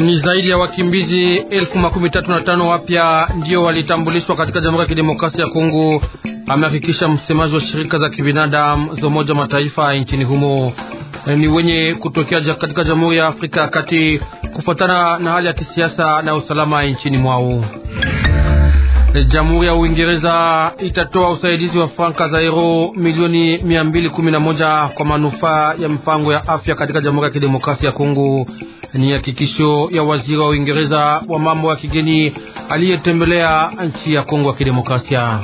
Ni zaidi ya wakimbizi elfu makumi tatu na tano wapya ndio walitambulishwa katika Jamhuri ya Kidemokrasia ya Kongo, amehakikisha msemaji wa shirika za kibinadamu za Umoja Mataifa nchini humo ni wenye kutokea katika Jamhuri ya Afrika ya Kati kufuatana na hali ya kisiasa na usalama nchini mwao. Jamhuri ya Uingereza itatoa usaidizi wa franka za euro milioni 211 kwa manufaa ya mpango ya afya katika Jamhuri ya Kidemokrasia ya Kongo. Ni hakikisho ya waziri wa Uingereza wa mambo ya kigeni aliyetembelea nchi ya Kongo ya Kidemokrasia.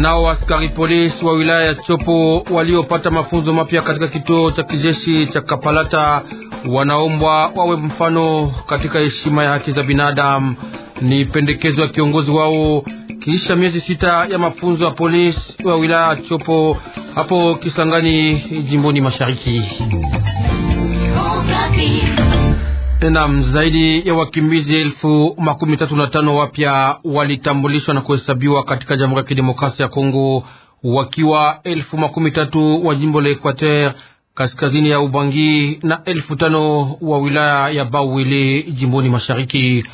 Nao askari polisi wa wilaya ya Chopo waliopata mafunzo mapya katika kituo cha kijeshi cha Kapalata wanaombwa wawe mfano katika heshima ya haki za binadamu. Ni pendekezo ya kiongozi wao kisha miezi sita ya mafunzo ya polisi wa wilaya ya Chopo hapo Kisangani, jimboni Mashariki na zaidi ya wakimbizi elfu makumi tatu na tano wapya walitambulishwa na kuhesabiwa katika Jamhuri ya Kidemokrasia ya Kongo, wakiwa elfu makumi tatu wa jimbo la Equateur kaskazini ya Ubangi na elfu tano wa wilaya ya Bawili jimboni mashariki.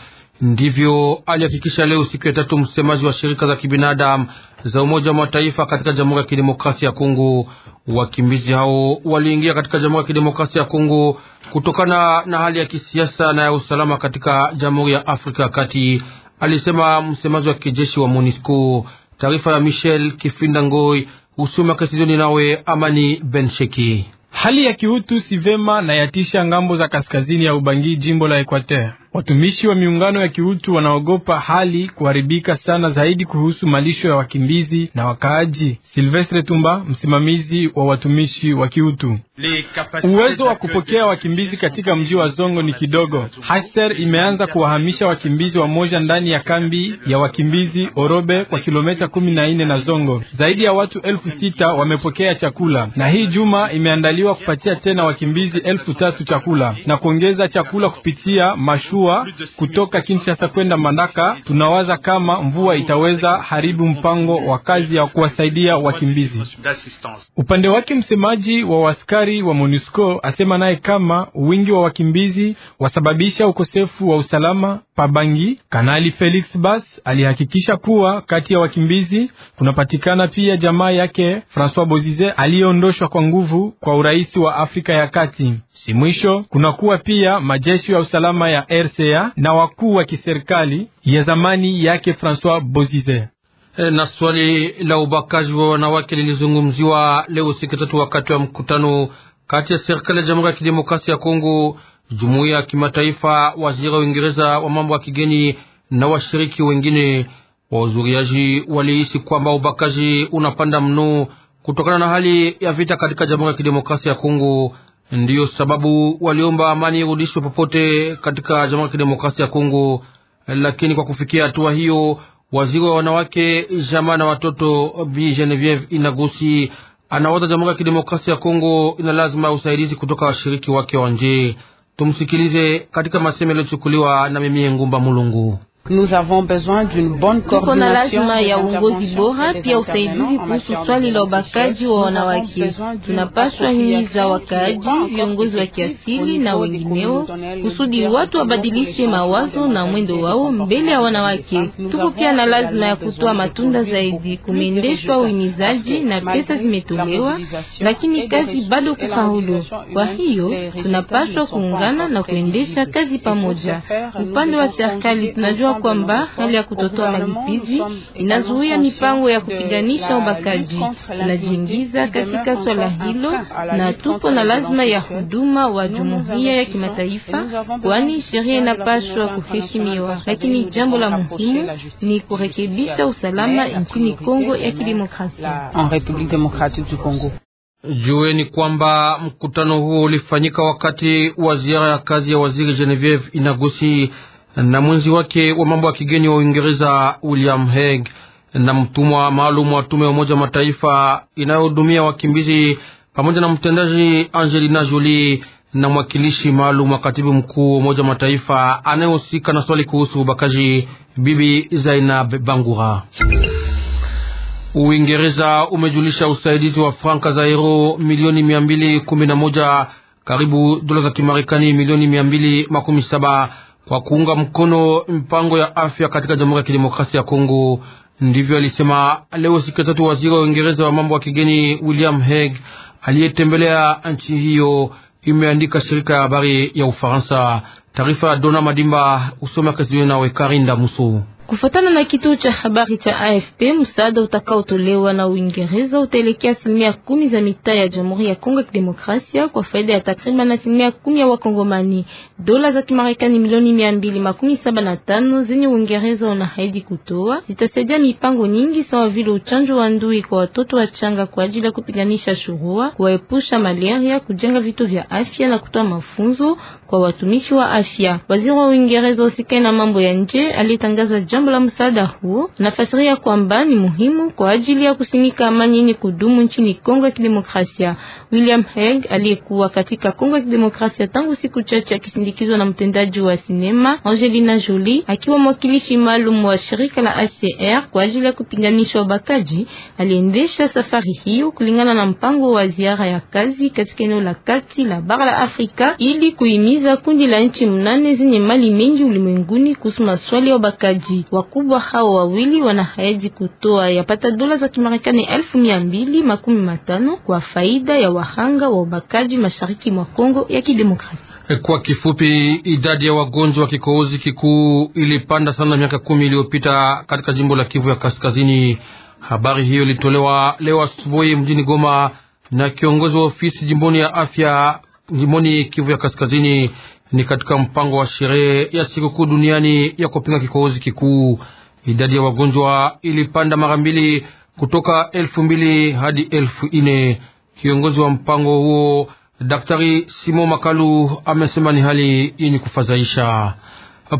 Ndivyo alihakikisha leo siku ya tatu msemaji wa shirika za kibinadamu za Umoja wa Mataifa katika Jamhuri ya Kidemokrasia ya Kongo. Wakimbizi hao waliingia katika Jamhuri ya Kidemokrasia ya Kongo kutokana na hali ya kisiasa na ya usalama katika Jamhuri ya Afrika ya Kati, alisema msemaji wa kijeshi wa MONUSCO. Taarifa ya Michel Kifinda Ngoi Usuma Kasidoni nawe Amani Bensheki. Hali ya kihutu si vema na yatisha ngambo za kaskazini ya Ubangi, jimbo la Equateur. Watumishi wa miungano ya kiutu wanaogopa hali kuharibika sana zaidi kuhusu malisho ya wakimbizi na wakaaji. Silvestre Tumba, msimamizi wa watumishi wa kiutu: uwezo wa kupokea wakimbizi katika mji wa Zongo ni kidogo. Haser imeanza kuwahamisha wakimbizi wamoja ndani ya kambi ya wakimbizi Orobe kwa kilomita kumi na nne na Zongo. Zaidi ya watu elfu sita wamepokea chakula, na hii juma imeandaliwa kupatia tena wakimbizi elfu tatu chakula na kuongeza chakula kupitia mashu hatua kutoka Kinshasa kwenda mandaka tunawaza kama mvua itaweza haribu mpango wa kazi ya kuwasaidia wakimbizi. Upande wake msemaji wa waskari wa MONUSCO asema naye kama wingi wa wakimbizi wasababisha ukosefu wa usalama Pabangi. Kanali Felix Bas alihakikisha kuwa kati ya wakimbizi kunapatikana pia jamaa yake Francois Bozize aliyeondoshwa kwa nguvu kwa urais wa Afrika ya Kati. Si mwisho kunakuwa pia majeshi ya usalama ya RCA na wakuu wa kiserikali ya zamani yake François Bozize. E, na swali la ubakaji wa wanawake lilizungumziwa leo siku tatu wakati wa mkutano kati ya serikali ya Jamhuri ya Kidemokrasia ya Kongo, jumuiya ya kimataifa, waziri wa Uingereza wa mambo ya kigeni na washiriki wengine. Wahudhuriaji walihisi kwamba ubakaji unapanda mno kutokana na hali ya vita katika Jamhuri ya Kidemokrasia ya Kongo Ndiyo sababu waliomba amani irudishwe popote katika Jamhuri ya Kidemokrasia ya Kongo, lakini kwa kufikia hatua hiyo, waziri wa wanawake, jamaa na watoto Bi Genevieve Inagosi anawaza Jamhuri ya Kidemokrasia ya Kongo ina lazima usaidizi kutoka washiriki wake wa nje. Tumsikilize katika maseme yaliyochukuliwa na Mimie Ngumba Mulungu. Tuko na lazima ya uongozi bora, pia usaidizi kuhusu swali la ubakaji wa wanawake. Tunapaswa himiza wakaaji, viongozi wa kiasili na wengineo kusudi watu wabadilishe mawazo na mwendo wao mbele ya wanawake. Tuko pia na lazima ya kutoa matunda zaidi. Kumeendeshwa uhimizaji na pesa zimetolewa, lakini kazi bado kufaulu. Kwa hiyo tunapaswa kuungana na kuendesha kazi pamoja. Upande wa serikali tunajua kwamba hali ya kutotoa malipizi inazuia mipango ya kupiganisha ubakaji. Tunajiingiza katika swala hilo na tuko na lazima ya huduma wa jumuiya ya kimataifa, kwani sheria inapaswa kuheshimiwa. Lakini jambo la muhimu ni kurekebisha usalama nchini Kongo ya Kidemokrasia. Jueni kwamba mkutano huo ulifanyika wakati wa ziara ya kazi ya waziri Genevieve Inagosi na mwenzi wake wa mambo ya kigeni wa Uingereza William Hague na mtumwa maalum wa tume ya Umoja Mataifa inayohudumia wakimbizi pamoja na mtendaji Angelina Jolie na mwakilishi maalum wa katibu mkuu wa Umoja Mataifa anayehusika na swali kuhusu ubakaji Bibi Zainab Bangura. Uingereza umejulisha usaidizi wa franka za euro milioni mia mbili kumi na moja karibu dola za Kimarekani milioni mia mbili makumi saba kwa kuunga mkono mipango ya afya katika Jamhuri ya Kidemokrasia ya Kongo. Ndivyo alisema leo siku tatu waziri wa Uingereza wa mambo ya kigeni William Hague aliyetembelea nchi hiyo, imeandika shirika ya habari ya Ufaransa. Taarifa ya Dona Madimba usome Kasidoni na Wekarinda Musu. Kufatana na kituo cha habari cha AFP, msaada utakaotolewa na Uingereza utaelekea asilimia kumi za mitaa ya Jamhuri ya Kongo ya Kidemokrasia kwa faida ya takriban asilimia kumi ya Wakongomani. Dola za Kimarekani milioni mia mbili makumi saba na tano zenye Uingereza unahaidi kutoa zitasaidia mipango nyingi sawa vile uchanjo wa ndui kwa watoto wachanga kwa ajili ya kupiganisha shurua, kuwaepusha malaria, kujenga vitu vya afya na kutoa mafunzo kwa watumishi wa afya. Waziri wa Uingereza usikae na mambo ya nje alitangaza jambo la msaada huo nafasiria kwamba ni muhimu kwa ajili ya kusimika amani yenye kudumu nchini Kongo ya Kidemokrasia. William Hague aliyekuwa katika Kongo ya Kidemokrasia tangu siku chache akisindikizwa na mtendaji wa sinema Angelina Jolie akiwa mwakilishi maalum wa shirika la ACR kwa ajili ya kupinganisha ubakaji, aliendesha safari hiyo kulingana na mpango wa ziara ya kazi katika eneo la kati la bara la Afrika ili kuhimiza kundi la nchi mnane zenye mali mengi ulimwenguni kuhusu maswali ya ubakaji. Wakubwa hao wawili wanahaidi kutoa yapata dola za Kimarekani elfu mia mbili makumi matano kwa faida ya wahanga wa ubakaji mashariki mwa Kongo ya Kidemokrasia. Eh, kwa kifupi, idadi ya wagonjwa wa kikohozi kikuu ilipanda sana miaka kumi iliyopita katika jimbo la Kivu ya Kaskazini. Habari hiyo ilitolewa leo asubuhi mjini Goma na kiongozi wa ofisi jimboni ya afya jimboni Kivu ya Kaskazini ni katika mpango wa sherehe ya sikukuu duniani ya kupinga kikohozi kikuu. Idadi ya wagonjwa ilipanda mara mbili kutoka elfu mbili hadi elfu ine. Kiongozi wa mpango huo Daktari Simo Makalu amesema ni hali yenye kufadhaisha.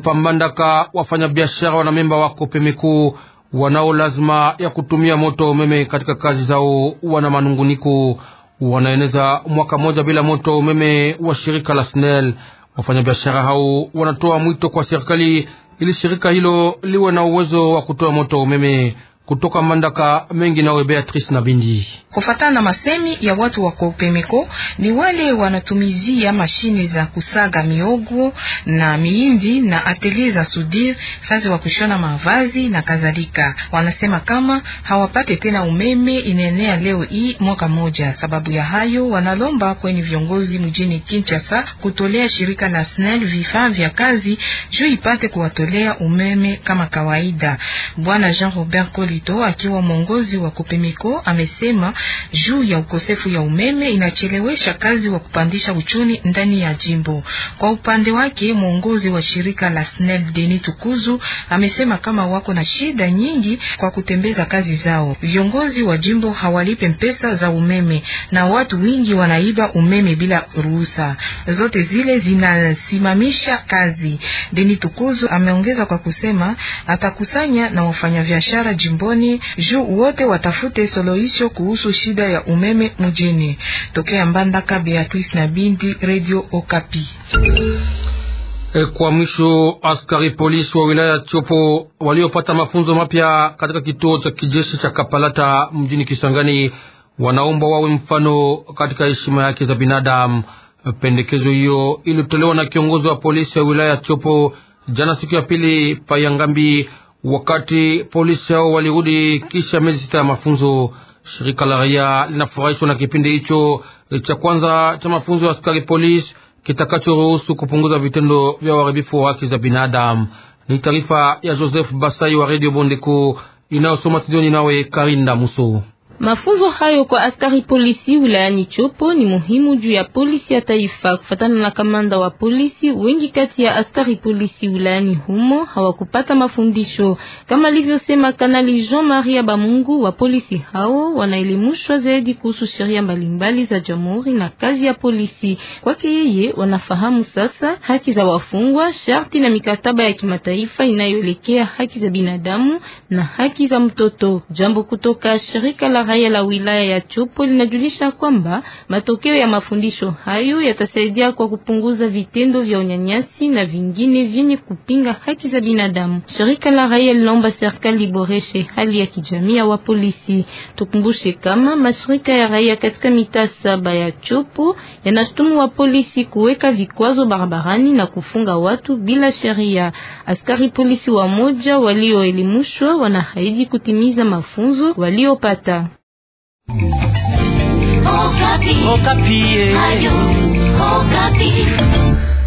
Pambandaka, wafanyabiashara wanamemba wako Pemeko wanao lazima ya kutumia moto umeme katika kazi zao, wana manunguniko, wanaeneza mwaka moja bila moto umeme wa shirika la SNEL Wafanyabiashara hao wanatoa mwito kwa serikali ili shirika hilo liwe na uwezo wa kutoa moto umeme kutoka Mandaka mengi nawe Beatrice na Bindi. Kufatana na masemi ya watu wa Kopemeko, ni wale wanatumizia mashine za kusaga miogo na miindi na atelier za sudir fazi wa kushona mavazi na kadhalika. Wanasema kama hawapate tena umeme inaenea leo hii mwaka moja. Sababu ya hayo, wanalomba kwenye viongozi mjini Kinshasa kutolea shirika la SNEL vifaa vya kazi juu ipate kuwatolea umeme kama kawaida. Bwana Jean Robert Koli Rito akiwa mwongozi wa Kupimiko amesema juu ya ukosefu ya umeme inachelewesha kazi wa kupandisha uchumi ndani ya jimbo. Kwa upande wake, mwongozi wa shirika la SNEL Deni Tukuzu amesema kama wako na shida nyingi kwa kutembeza kazi zao. Viongozi wa jimbo hawalipe mpesa za umeme na watu wengi wanaiba umeme bila ruhusa. Zote zile zinasimamisha kazi. Deni Tukuzu ameongeza kwa kusema atakusanya na wafanyabiashara jimbo jimboni juu wote watafute soloisho kuhusu shida ya umeme mjini. Tokea Mbandaka, Beatrice na Bindi, Radio Okapi. E, kwa mwisho, askari polisi wa wilaya Chopo waliopata mafunzo mapya katika kituo cha kijeshi cha Kapalata mjini Kisangani wanaomba wawe mfano katika heshima yake za binadamu. Pendekezo hiyo ilitolewa na kiongozi wa polisi wa wilaya Chopo jana siku ya pili Payangambi wakati polisi hao walirudi kisha miezi sita ya mafunzo. Shirika la raia linafurahishwa na kipindi hicho cha kwanza cha mafunzo ya askari polisi kitakachoruhusu kupunguza vitendo vya uharibifu wa haki za binadamu. Ni taarifa ya Joseph Basai wa Radio Bondeko inayosoma studioni nawe Karinda Musu. Mafunzo hayo kwa askari polisi wilayani Chopo ni muhimu juu ya polisi ya taifa. Kufatana na kamanda wa polisi, wengi kati ya askari polisi wilayani humo hawakupata mafundisho kama alivyosema Kanali Jean Maria Bamungu. Wa polisi hao wanaelimishwa zaidi kuhusu sheria mbalimbali za jamhuri na kazi ya polisi. Kwake yeye, wanafahamu sasa haki za wafungwa, sharti na mikataba ya kimataifa inayoelekea haki za binadamu na haki za mtoto, jambo kutoka shirika la raia la wilaya ya Chopo linajulisha kwamba matokeo ya mafundisho hayo yatasaidia kwa kupunguza vitendo vya unyanyasi na vingine vyenye kupinga haki za binadamu. Shirika la raia linaomba serikali iboreshe hali ya kijamii ya wapolisi. Tukumbushe kama mashirika ya raia katika mitaa saba ya Chopo yanashutumu wa polisi kuweka vikwazo barabarani na kufunga watu bila sheria. Askari polisi wa moja walioelimishwa wanahaidi kutimiza mafunzo waliopata. Okapi. Oh, Okapi. Oh, eh.